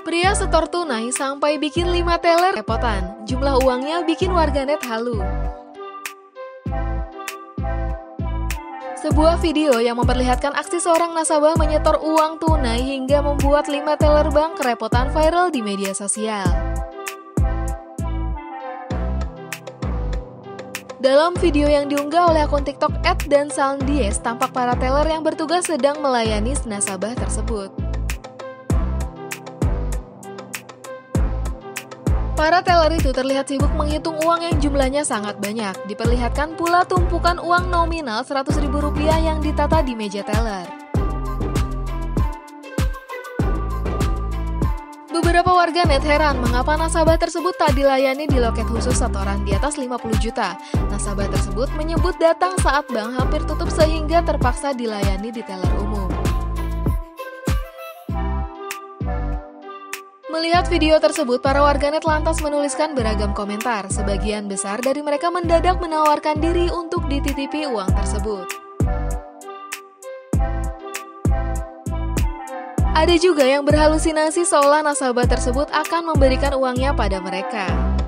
Pria setor tunai sampai bikin 5 teler repotan. Jumlah uangnya bikin warganet halu. Sebuah video yang memperlihatkan aksi seorang nasabah menyetor uang tunai hingga membuat 5 teller bank kerepotan viral di media sosial. Dalam video yang diunggah oleh akun TikTok @dansaldies, tampak para teller yang bertugas sedang melayani nasabah tersebut. Para teller itu terlihat sibuk menghitung uang yang jumlahnya sangat banyak. Diperlihatkan pula tumpukan uang nominal Rp100.000 yang ditata di meja teller. Beberapa warga net heran mengapa nasabah tersebut tak dilayani di loket khusus setoran di atas 50 juta. Nasabah tersebut menyebut datang saat bank hampir tutup sehingga terpaksa dilayani di teller umum. Melihat video tersebut, para warganet lantas menuliskan beragam komentar. Sebagian besar dari mereka mendadak menawarkan diri untuk dititipi uang tersebut. Ada juga yang berhalusinasi seolah nasabah tersebut akan memberikan uangnya pada mereka.